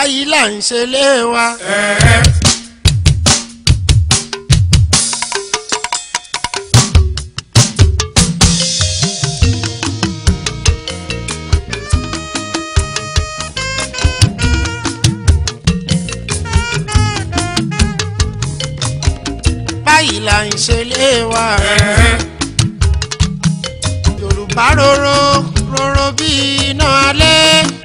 báyìí là ń ṣe lé wa. báyìí là ń ṣe lé wa. Yorùbá rorò rorò bí iná alẹ́.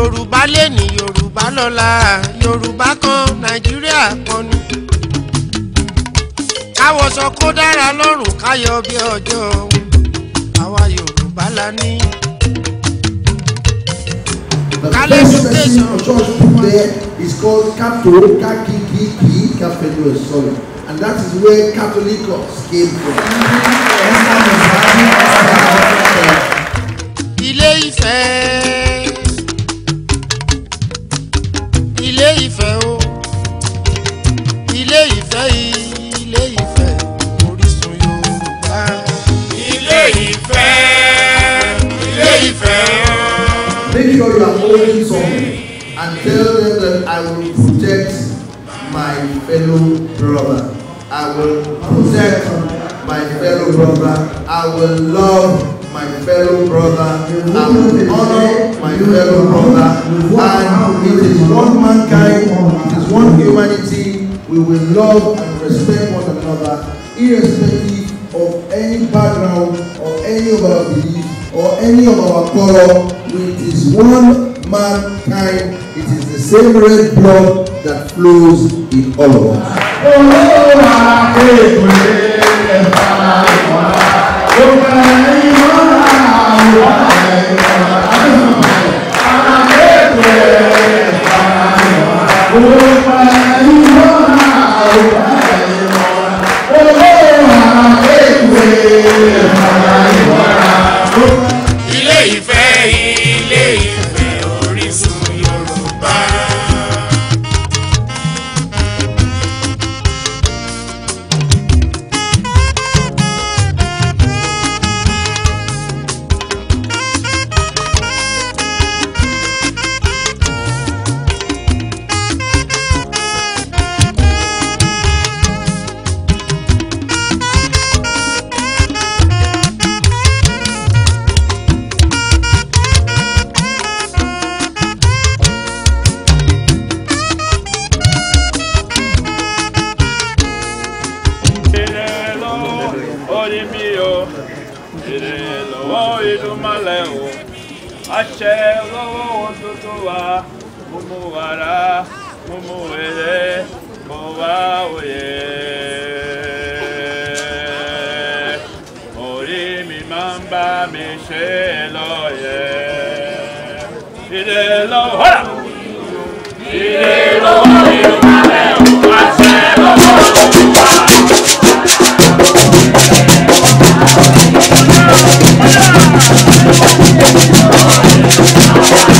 yorùbá lè ní yorùbá lọ́la yorùbá kan nàìjíríà kan ni. káwọ̀sọ kó dára lọ́rùn káyọ̀ bí ọjọ́ àwa yorùbá la ní. The best person church there is called Kato Kakikiki sorry. And that is where Catholicos came from. Ilé Ifẹ̀. you are and tell them that I will protect my fellow brother. I will protect my fellow brother. I will love my fellow brother. I will honor my fellow brother. And it is one mankind, it is one humanity. We will love and respect one another, irrespective of any background or any of our beliefs or any of our color it is one mankind. It is the same red blood that flows in all of us. Oh, àṣẹ olówó òdodo wa mo mú wàrà mo mú wèrè mo wá òye. orí mi máa ń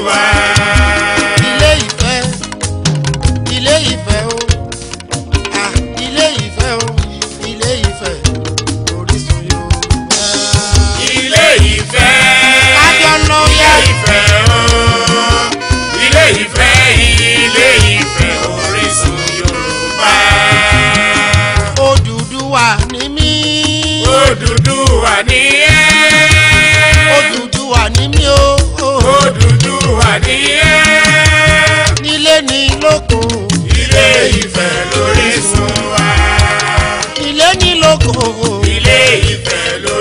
are. o. Ilé Ifẹ̀ ló.